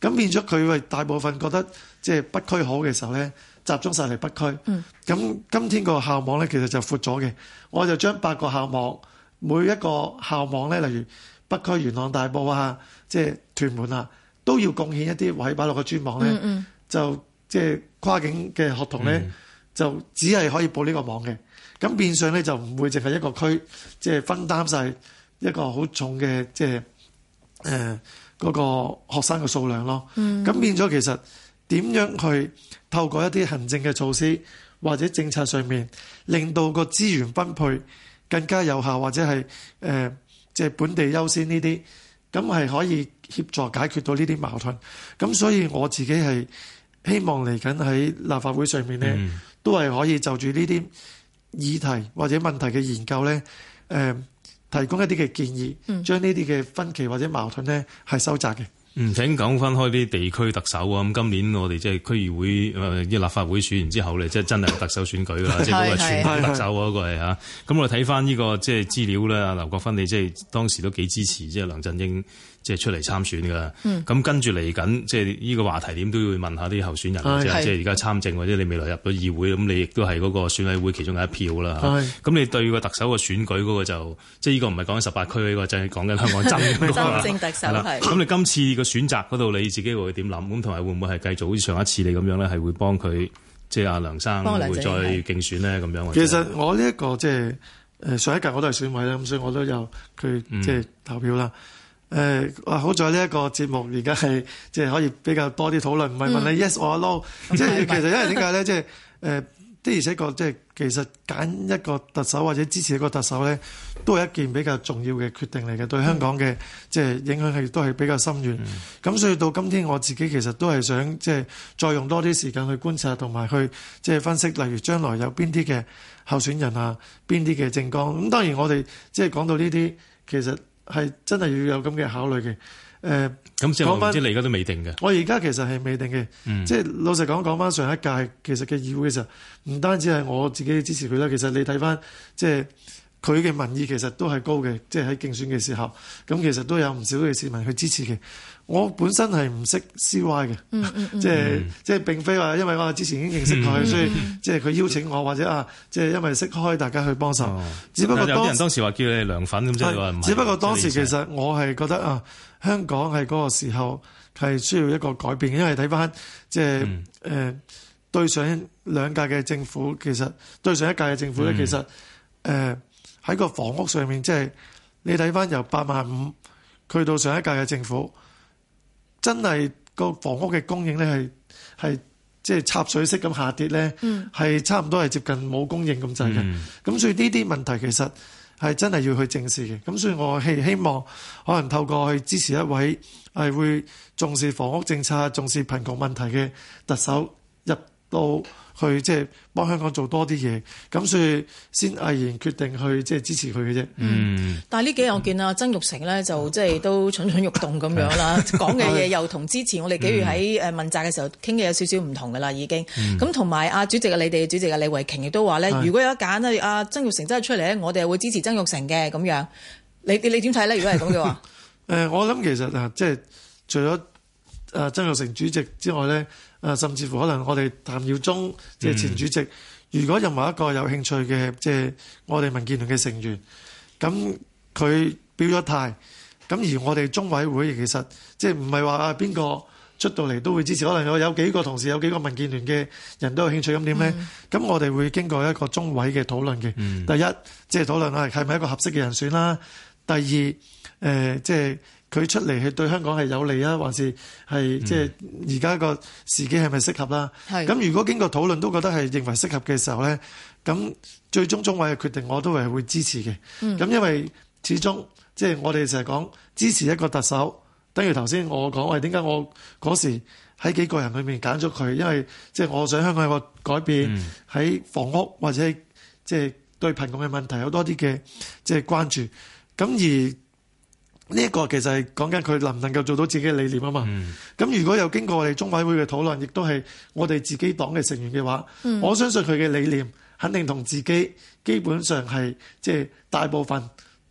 咁變咗佢大部分覺得即係北區好嘅時候呢，集中晒嚟北區。咁、嗯、今天個校網呢，其實就闊咗嘅。我就將八個校網，每一個校網呢，例如北區、元朗、大埔啊，即係屯門啊，都要貢獻一啲位擺落個專網呢，嗯嗯就即係跨境嘅學童呢，就只係可以報呢個網嘅。咁、嗯嗯、變相呢，就唔會淨係一個區，即係分擔晒一個好重嘅即係誒。就是呃嗰個學生嘅數量咯，咁變咗其實點樣去透過一啲行政嘅措施或者政策上面，令到個資源分配更加有效，或者係誒即係本地優先呢啲，咁係可以協助解決到呢啲矛盾。咁所以我自己係希望嚟緊喺立法會上面呢，都係可以就住呢啲議題或者問題嘅研究呢。呃提供一啲嘅建議，將呢啲嘅分歧或者矛盾咧係收窄嘅。嗯，請講翻開啲地區特首啊！咁今年我哋即係區議會誒啲、呃、立法會選完之後咧，即係 真係有特首選舉啦，即係嗰個選特首嗰個係吓，咁 我哋睇翻呢個即係資料咧，啊劉國勳你即係當時都幾支持即係梁振英。即係出嚟參選噶，咁跟住嚟緊，即係呢個話題點都要問下啲候選人，即係而家參政或者、就是、你未來入到議會，咁你亦都係嗰個選委會其中嘅一票啦。咁是你對個特首個選舉嗰個就，即係呢個唔係講緊十八區呢、這個，真係講緊香港真、那個。 政政特首係。咁你今次個選擇嗰度，你自己會點諗？咁同埋會唔會係繼續好似上一次你咁樣咧，係會幫佢，即係阿梁生會再競選咧咁樣、就是？其實我呢一個即係誒上一屆我都係選委啦，咁所以我都有佢即係投票啦。嗯誒，嗯、好在呢一個節目而家係即係可以比較多啲討論，唔係問你 yes or no、嗯。即係其實因為點解咧？即係誒的而且確即係其實揀一個特首或者支持一個特首咧，都係一件比較重要嘅決定嚟嘅，對香港嘅即係影響係亦都係比較深遠。咁、嗯、所以到今天我自己其實都係想即係再用多啲時間去觀察同埋去即係分析，例如將來有邊啲嘅候選人啊，邊啲嘅政綱。咁當然我哋即係講到呢啲，其實。.係真係要有咁嘅考慮嘅，誒、呃，咁即係我唔知你而家都未定嘅。我而家其實係未定嘅，即係、嗯、老實講講翻上一屆其實嘅議會嘅時候，唔單止係我自己支持佢啦，其實你睇翻即係佢嘅民意其實都係高嘅，即係喺競選嘅時候，咁其實都有唔少嘅市民去支持嘅。我本身係唔識 CY 嘅，即係即係並非話，因為我之前已經認識佢，嗯嗯、所以即係佢邀請我，或者啊，即、就、係、是、因為識開，大家去幫手。哦、只不過有人當時話叫你係梁粉咁，即係是只不過當時其實我係覺得、就是、啊，香港係嗰個時候係需要一個改變，因為睇翻即係誒對上兩屆嘅政府，其實對上一屆嘅政府咧，嗯、其實誒喺、呃、個房屋上面，即、就、係、是、你睇翻由八萬五去到上一屆嘅政府。真係個房屋嘅供應咧，係係即係插水式咁下跌咧，係、嗯、差唔多係接近冇供應咁滯嘅。咁、嗯、所以呢啲問題其實係真係要去正視嘅。咁所以我係希望可能透過去支持一位係會重視房屋政策、重視貧窮問題嘅特首入到。去即係幫香港做多啲嘢，咁所以先毅然決定去即係支持佢嘅啫。嗯，但呢幾日我見啊，曾鈺成咧就即係都蠢蠢欲動咁樣啦，講嘅嘢又同之前我哋幾月喺誒問責嘅時候傾嘅有少少唔同㗎啦，已經。咁同埋啊，主席啊，你哋主席啊，李慧瓊亦都話咧，如果有一揀啊阿曾鈺成真係出嚟咧，我哋會支持曾鈺成嘅咁樣。你你點睇咧？如果係咁嘅話， 我諗其實啊，即係除咗啊，曾鈺成主席之外咧。誒，甚至乎可能我哋譚耀宗即係前主席，嗯、如果任何一個有興趣嘅，即、就、係、是、我哋民建聯嘅成員，咁佢表咗態，咁而我哋中委會其實，即係唔係話啊邊個出到嚟都會支持，可能有有幾個同事有幾個民建聯嘅人都有興趣，咁點呢？咁、嗯、我哋會經過一個中委嘅討論嘅。嗯、第一，即係討論，係係咪一個合適嘅人選啦。第二，誒、呃，即係。佢出嚟係對香港係有利啊，還是係即係而家個時機係咪適合啦？咁、嗯、如果經過討論都覺得係認為適合嘅時候咧，咁最終中委嘅決定我都係會支持嘅。咁、嗯、因為始終即係、就是、我哋成日講支持一個特首，等於頭先我講，為我點解我嗰時喺幾個人裏面揀咗佢，因為即係我想香港有個改變喺、嗯、房屋或者即係對貧窮嘅問題有多啲嘅即係關注。咁而呢一個其實係講緊佢能唔能夠做到自己嘅理念啊嘛。咁、嗯、如果有經過我哋中委會嘅討論，亦都係我哋自己黨嘅成員嘅話，嗯、我相信佢嘅理念肯定同自己基本上係即係大部分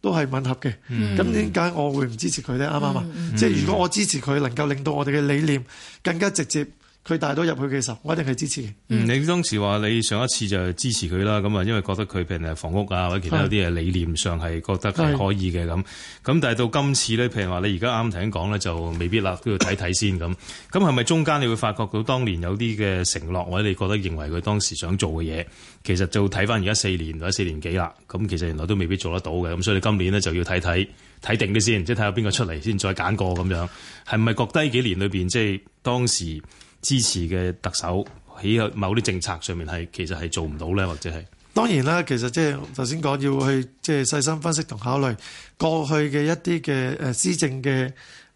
都係吻合嘅。咁點解我會唔支持佢呢？啱唔啱啊？對對，嗯、即係如果我支持佢，能夠令到我哋嘅理念更加直接。佢帶到入去嘅時候，我一定係支持嘅。嗯，你當時話你上一次就支持佢啦，咁啊，因為覺得佢譬如誒房屋啊或者其他啲嘢理念上係覺得係可以嘅咁。咁是是 但係到今次咧，譬如話你而家啱啱聽講咧，就未必啦，都要睇睇先咁。咁係咪中間你會發覺到當年有啲嘅承諾或者你覺得認為佢當時想做嘅嘢，其實就睇翻而家四年或者四年幾啦。咁其實原來都未必做得到嘅，咁所以你今年咧就要睇睇睇定啲先，即係睇下邊個出嚟先，再揀個咁樣。係咪覺得呢幾年裏邊即當時？支持嘅特首喺某啲政策上面，係其實，係做唔到咧，或者係當然啦。其實即係頭先講要去即係細心分析同考慮過去嘅一啲嘅誒施政嘅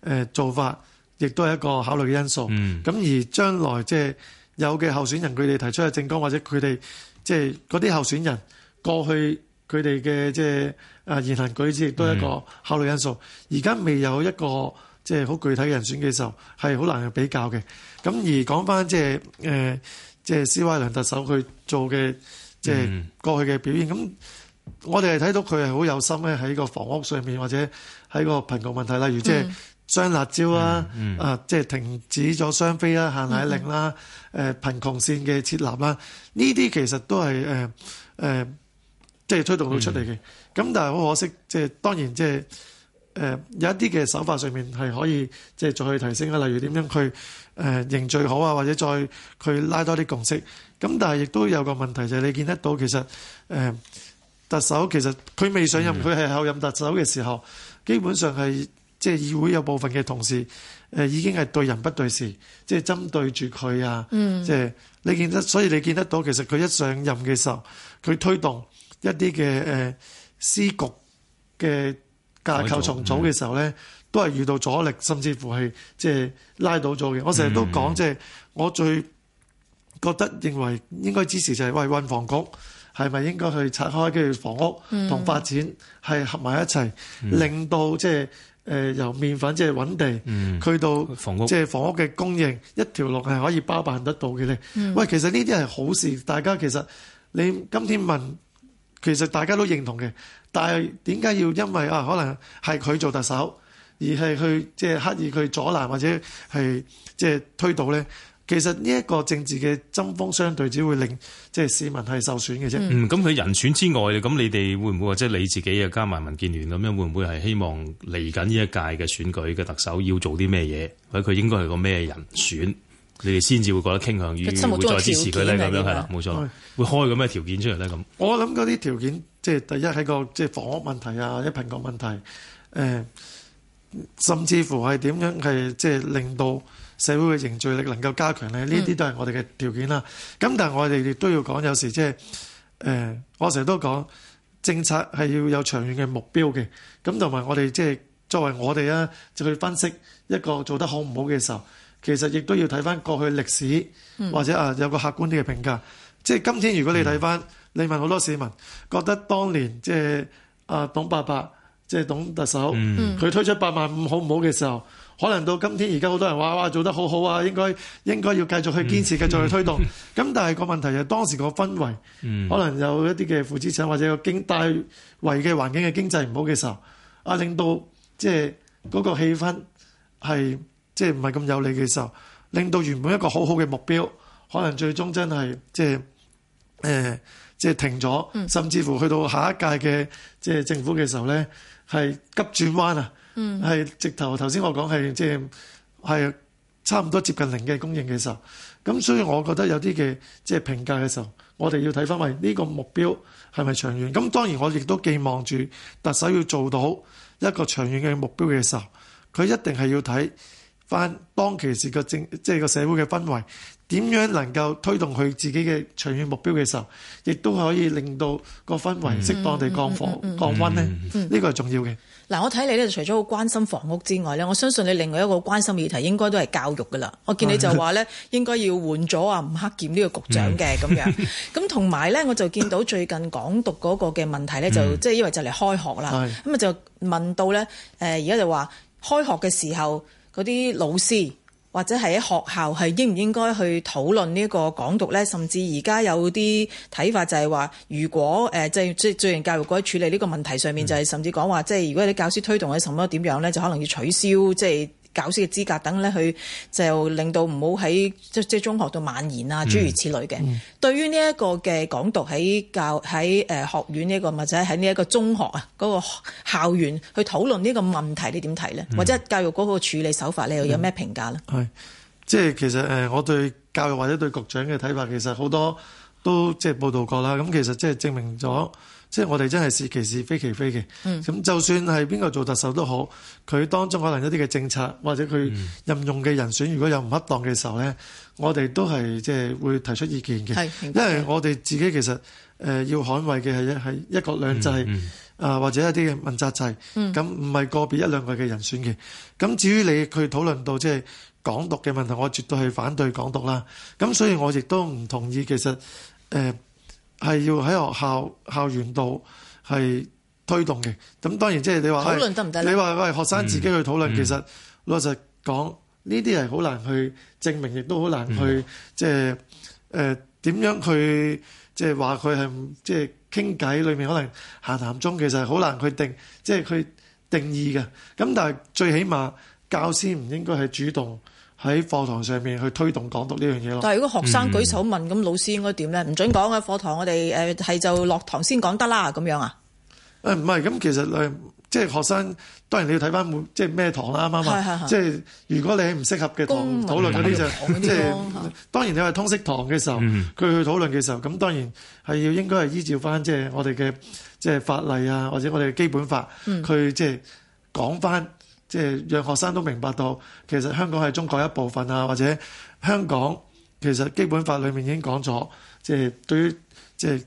誒做法，亦都係一個考慮嘅因素。咁、嗯、而將來即係有嘅候選人佢哋提出嘅政綱或者佢哋即係嗰啲候選人過去佢哋嘅即係誒言行舉止，亦都係一個考慮因素。而家未有一個即係好具體嘅人選嘅時候，係好難去比較嘅。咁而講翻即係即係 CY 梁特首佢做嘅即係過去嘅表現。咁、mm hmm. 我哋係睇到佢係好有心咧，喺個房屋上面或者喺個貧窮問題，例如即係雙辣椒啦，啊即係停止咗雙非啦、限奶令啦、誒、mm hmm. 貧窮線嘅設立啦，呢啲其實都係誒即係推動到出嚟嘅。咁、mm hmm. 但係好可惜，即係當然即係。誒有一啲嘅手法上面係可以即係再去提升嘅，例如點樣去誒凝聚好啊，或者再去拉多啲共識，咁但係亦都有一個問題，就係、是、你見得到其實誒特首其實佢未上任，佢係候任特首嘅時候，嗯、基本上係即係議會有部分嘅同事誒已經係對人不對事，即係針對住佢啊。嗯。即係你見得，所以你見得到其實佢一上任嘅時候，佢推動一啲嘅誒司局嘅。架構重組嘅時候咧，都係遇到阻力，甚至乎係即係拉倒咗嘅。我成日都講，即係、嗯、我最覺得認為應該支持就係喂運房局係咪應該去拆開，跟房屋同發展係合埋一齊，令到即係由麵粉即係揾地，去到即係房屋嘅供應一條路係可以包辦得到嘅咧。嗯、喂，其實呢啲係好事，大家其實你今天問，其實大家都認同嘅。但係點解要因為啊，可能係佢做特首，而係去即係刻意去阻攔或者係即係推倒咧？其實呢一個政治嘅針鋒相對，只會令即係市民係受損嘅啫。嗯，咁佢人選之外，咁你哋會唔會或者、即係、你自己啊加埋民建聯咁樣，會唔會係希望嚟緊呢一屆嘅選舉嘅特首要做啲咩嘢？或者佢應該係個咩人選？你哋先至會覺得傾向於會再支持佢咧，咁樣係啦，冇錯，會開咁咩條件出嚟咧？咁我諗嗰啲條件，即係第一喺個即係房屋問題啊，或者貧窮問題、呃，甚至乎係點樣係即係令到社會嘅凝聚力能夠加強咧？呢啲都係我哋嘅條件啦。咁、嗯、但係我哋亦都要講，有時即係誒，我成日都講政策係要有長遠嘅目標嘅。咁同埋我哋即係作為我哋咧，就去分析一個做得好唔好嘅時候。其實亦都要睇翻過去歷史，或者啊有個客觀啲嘅評價。即係、嗯、今天如果你睇翻，嗯、你問好多市民覺得當年即係、就是啊、董伯伯即係、就是、董特首，佢、嗯、推出八萬五好唔好嘅時候，可能到今天而家好多人話哇做得好好啊，應該應該要繼續去堅持，繼續去推動。咁、嗯嗯、但係個問題就係當時個氛圍，嗯、可能有一啲嘅負資產或者個經大圍嘅環境嘅經濟唔好嘅時候，啊令到即係嗰個氣氛係。即係唔係咁有利嘅時候，令到原本一個好好嘅目標，可能最終真係即係誒，即係、呃、停咗，嗯、甚至乎去到下一屆嘅即係政府嘅時候呢，係急轉彎啊，係、嗯、直頭頭先我講係即係係差唔多接近零嘅供應嘅時候。咁所以我覺得有啲嘅即係評價嘅時候，我哋要睇翻係呢個目標係咪長遠？咁當然我亦都寄望住特首要做到一個長遠嘅目標嘅時候，佢一定係要睇翻當其時嘅政，即係個社會嘅氛圍，點樣能夠推動佢自己嘅長遠目標嘅時候，亦都可以令到個氛圍適當地降火、mm hmm. 降温溫呢？呢個係重要嘅嗱、嗯。我睇你咧，除咗好關心房屋之外咧，我相信你另外一個好關心嘅議題應該都係教育噶啦。我見你就話咧，應該要換咗啊 吳克儉呢個局長嘅咁樣咁，同埋咧我就見到最近港獨嗰個嘅問題咧，就即係 因為就嚟開學啦，咁啊就問到咧誒，而家就話開學嘅時候。嗰啲老師或者係喺學校係應唔應該去討論呢個港獨咧？甚至而家有啲睇法就係話，如果誒即係即係做教育局處理呢個問題上面、就係，就係、嗯、甚至講話即係如果啲教師推動嘅什麼點樣咧，就可能要取消即係。教師嘅資格等咧，佢就令到唔好喺即即中學度蔓延啊，嗯、諸如此類嘅。嗯、對於呢一個嘅港獨喺教喺誒學院呢、或者喺呢一個中學啊嗰個校園去討論呢個問題，你點睇咧？嗯、或者教育嗰個處理手法，你又有咩評價咧？即係其實我對教育或者對局長嘅睇法，其實好多都即係報導過啦。咁其實即係證明咗。即係我哋真係是其是非其非嘅，咁、嗯、就算係邊個做特首都好，佢當中可能一啲嘅政策或者佢任用嘅人選，嗯、如果有唔恰當嘅時候呢，我哋都係即係會提出意見嘅，是因為我哋自己其實誒要捍衛嘅係一係一國兩制啊，嗯嗯、或者一啲嘅問責制，咁唔係個別一兩個嘅人選嘅。咁至於你佢討論到即係港獨嘅問題，我絕對係反對港獨啦。咁所以我亦都唔同意其實誒。呃係要喺學校校園度係推動嘅，咁當然即係你話，討論得唔得你話喂學生自己去討論，嗯、其實、嗯、老實講呢啲係好難去證明，亦都好難去、嗯、即係誒點樣去即係話佢係即係傾偈裏面可能閒談中，其實係好難去定即係去定義嘅。咁但係最起碼教師唔應該係主動。喺課堂上面去推動港獨呢樣嘢咯。但係如果學生舉手問，咁、嗯、老師應該點咧？唔准講嘅課堂，我哋誒係就落堂先講得啦，咁樣啊？誒唔係，咁其實誒即係學生當然你要睇翻即係咩堂啦，啱唔啱？即係如果你喺唔適合嘅堂討論嗰啲、嗯、就即、是、係當然你係通識堂嘅時候，佢、嗯、去討論嘅時候，咁當然係要應該係依照翻即係我哋嘅即係法例啊，或者我哋嘅基本法，佢即係講翻。即係讓學生都明白到，其實香港係中國一部分啊，或者香港其實基本法裡面已經講咗，即係對於即係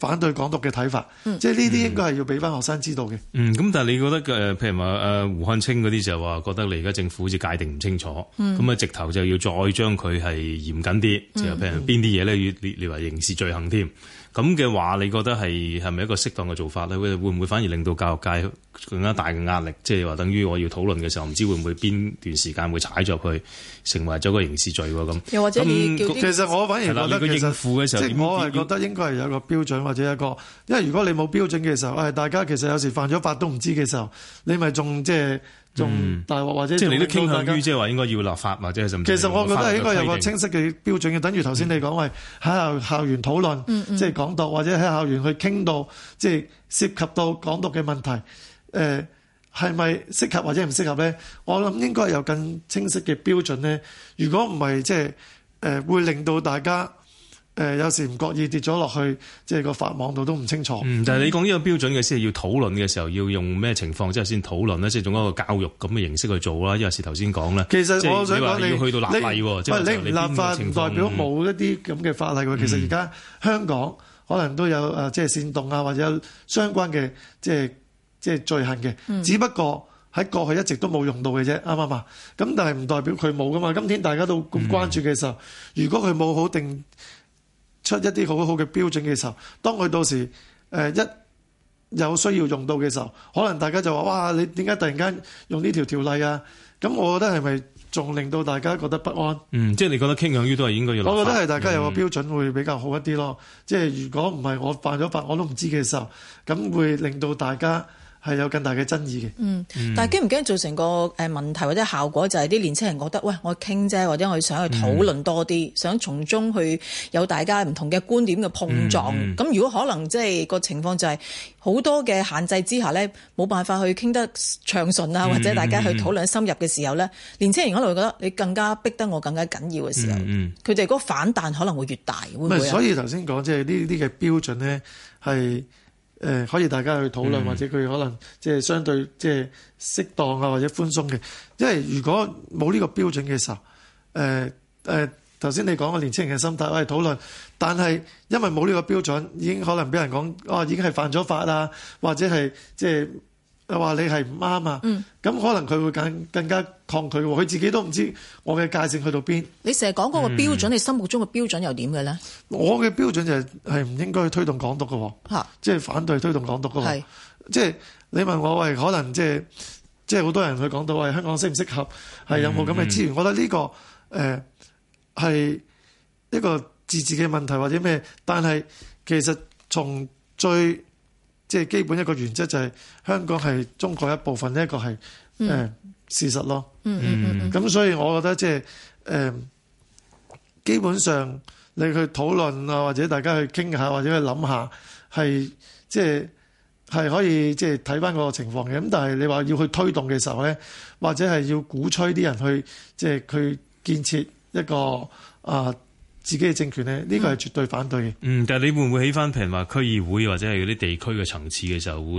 反對港獨嘅睇法，即係呢啲應該係要俾翻學生知道嘅、嗯。嗯，咁但係你覺得嘅，譬如話誒胡漢清嗰啲就話覺得你而家政府好似界定唔清楚，咁啊、嗯、直頭就要再將佢係嚴謹啲，就、嗯、譬如邊啲嘢咧要列列為刑事罪行添，咁嘅話，你覺得係係咪一個適當嘅做法咧？會會唔會反而令到教育界？更加大嘅壓力，即係話等於我要討論嘅時候，唔知會唔會邊段時間會踩咗佢，成為咗個刑事罪喎咁。咁那其實我反而覺得佢應付嘅時候，我係覺得應該係有個標準或者一個，因為如果你冇標準嘅時候，誒大家其實有時犯咗法都唔知嘅時候，你咪仲即係仲大鑊或者、嗯、即係你都傾向於即係話應該要立法或者甚至其實我覺得應該有個清晰嘅標準嘅，等於頭先你講係喺校園討論，嗯、即係講到或者喺校園去傾到即係。涉及到港獨嘅問題，誒係咪適合或者唔適合咧？我諗應該係有更清晰嘅標準咧。如果唔係，即係誒會令到大家誒、呃、有時唔覺意跌咗落去，即係個法網度都唔清楚。嗯、但係你講呢個標準嘅先係要討論嘅時候要用咩情況之後先討論咧？即係用一個教育咁嘅形式去做啦。因為是頭先講咧，其實我想講你要去到立法即係你立，立法唔代表冇一啲咁嘅法例喎。嗯、其實而家香港。可能都有誒、呃，即係煽動啊，或者有相關嘅，即係即係罪行嘅。嗯、只不過喺過去一直都冇用到嘅啫，啱唔啱？咁但係唔代表佢冇㗎嘛。今天大家都咁關注嘅時候，如果佢冇好定出一啲好好嘅標準嘅時候，當佢到時誒、呃、一有需要用到嘅時候，可能大家就話：哇！你點解突然間用呢條條例啊？咁我覺得係咪？仲令到大家覺得不安，嗯，即係你覺得傾向於都係應該要，我覺得係大家有個標準會比較好一啲咯。嗯，即係如果唔係我犯咗法，我都唔知嘅時候，咁會令到大家。係有更大嘅爭議嘅。嗯，但係驚唔驚造成個誒問題或者效果，嗯、就係啲年青人覺得，喂，我傾啫，或者我想去討論多啲，嗯、想從中去有大家唔同嘅觀點嘅碰撞。咁，嗯嗯、如果可能即係個情況就係好多嘅限制之下咧，冇辦法去傾得暢順啊，或者大家去討論深入嘅時候咧，嗯嗯、年青人可能會覺得你更加逼得我更加緊要嘅時候，佢哋嗰反彈可能會越大。會唔會？所以頭先講即係呢啲嘅標準咧係。誒、呃、可以大家去討論，或者佢可能即係相對即係適當啊，或者寬鬆嘅。因為如果冇呢個標準嘅時候，誒誒頭先你講個年輕人嘅心態，我哋討論，但係因為冇呢個標準，已經可能俾人講，哦，已經係犯咗法喇，或者係即係。就話你係唔啱啊！咁、嗯、可能佢會更更加抗拒喎。佢自己都唔知我嘅界線去到邊。你成日講嗰個標準，嗯、你心目中嘅標準又點嘅咧？我嘅標準就係係唔應該去推動港獨嘅喎，即係哈反對推動港獨嘅喎。即係是你問我喂，可能即係即係好多人去講到喂香港適唔適合，係有冇咁嘅資源？嗯嗯、我覺得呢個誒係、呃、一個自治嘅問題或者咩？但係其實從最即係基本一個原則就係、是、香港係中國一部分呢一個係誒、呃、事實咯。嗯嗯嗯咁、嗯、所以我覺得即係誒基本上你去討論啊，或者大家去傾下，或者去諗下，係即係係可以即係睇翻個情況嘅。咁但係你話要去推動嘅時候咧，或者係要鼓吹啲人去即係去建設一個啊。呃自己嘅政權呢，呢個係絕對反對嘅。嗯，但係你會唔會起翻譬如話區議會或者係嗰啲地區嘅層次嘅時候會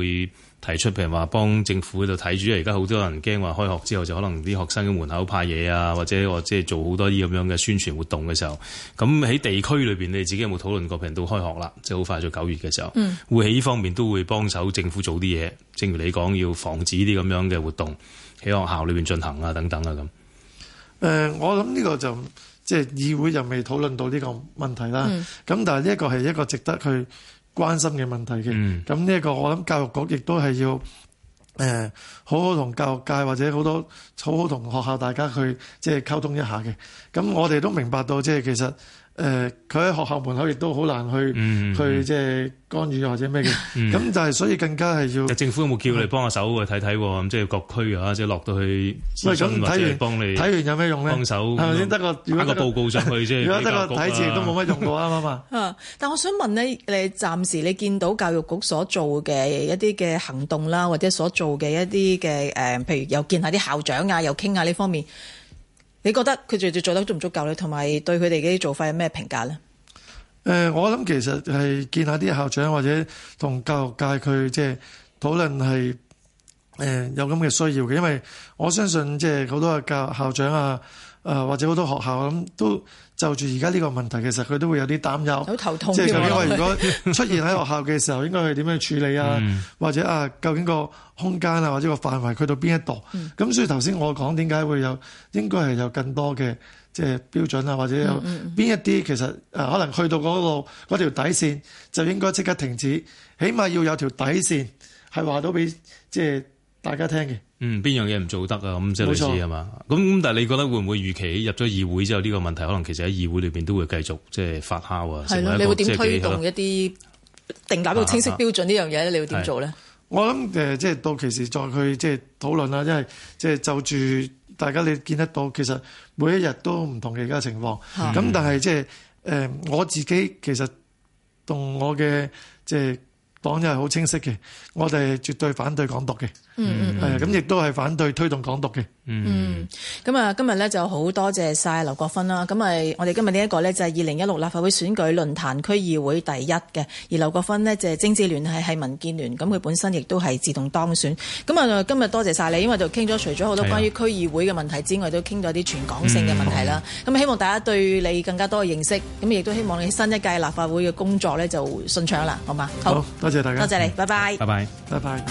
提出譬如話幫政府喺度睇住？而家好多人驚話開學之後就可能啲學生喺門口派嘢啊，或者或即係做好多啲咁樣嘅宣傳活動嘅時候，咁喺地區裏面，你自己有冇討論過譬如到開學啦？即係好快就九月嘅時候，嗯、會喺呢方面都會幫手政府做啲嘢。正如你講，要防止啲咁樣嘅活動喺學校裏面進行啊，等等啊咁、呃。我諗呢個就。即係議會又未討論到呢個問題啦，咁、嗯、但係呢一個係一個值得去關心嘅問題嘅，咁呢一個我諗教育局亦都係要誒好好同教育界或者好多好好同學校大家去即係溝通一下嘅，咁我哋都明白到即係其實。誒，佢喺學校門口亦都好難去去即係干預或者咩嘅，咁就係所以更加係要。政府有冇叫佢哋幫下手去睇睇咁即係各區啊，即係落到去，唔咁睇完，幫你睇完有咩用咧？幫手係咪先得個？得個報告上去，啫。如果睇字都冇乜用過啊啱啊！但我想問你，你暫時你見到教育局所做嘅一啲嘅行動啦，或者所做嘅一啲嘅誒，譬如又見下啲校長啊，又傾下呢方面。你覺得佢最近做得足唔足夠咧？同埋對佢哋嘅啲做法有咩評價咧？誒、呃，我諗其實係見一下啲校長或者同教育界佢即係討論係誒、呃、有咁嘅需要嘅，因為我相信即係好多嘅校校長啊，誒、呃、或者好多學校咁都。就住而家呢個問題，其實佢都會有啲擔憂，頭痛即係因為如果出現喺學校嘅時候， 應該去點樣去處理啊？嗯、或者啊，究竟個空間啊，或者個範圍去到邊一度？咁、嗯、所以頭先我講點解會有應該係有更多嘅即係標準啊，或者有邊、嗯嗯、一啲其實、啊、可能去到嗰、那、度、個，嗰條底線就應該即刻停止，起碼要有條底線係話到俾即係。大家聽嘅，嗯，邊樣嘢唔做得啊？咁即係老師啊嘛。咁咁錯，但係你覺得會唔會預期入咗議會之後呢個問題，可能其實喺議會裏邊都會繼續即係發酵啊？係咯的，你會點推動一啲定立到清晰標準呢樣嘢，你會點做咧？我諗誒，即、呃、係到其時再去即係討論啦。因為即係就住大家你見得到，其實每一日都唔同嘅而家情況。咁的、嗯、但係即係誒，我自己其實同我嘅即係黨真係好清晰嘅。我哋絕對反對港獨嘅。.嗯，係咁、mm，亦都係反對推動港獨嘅。Mm hmm. 嗯，咁啊，今日呢就好多謝晒劉國勳啦。咁咪我哋今日呢一個呢，就係二零一六立法會選舉論壇區議會第一嘅。而劉國勳呢，就係政治聯繫係民建聯，咁佢本身亦都係自動當選。咁啊，今日多謝晒你，因為就傾咗除咗好多關於區議會嘅問題之外，的都傾咗啲全港性嘅問題啦。咁、mm hmm. 嗯、希望大家對你更加多嘅認識。咁亦都希望你新一屆立法會嘅工作呢，就順暢啦，好嘛？好，好多謝大家，多謝你，拜，拜拜，拜拜。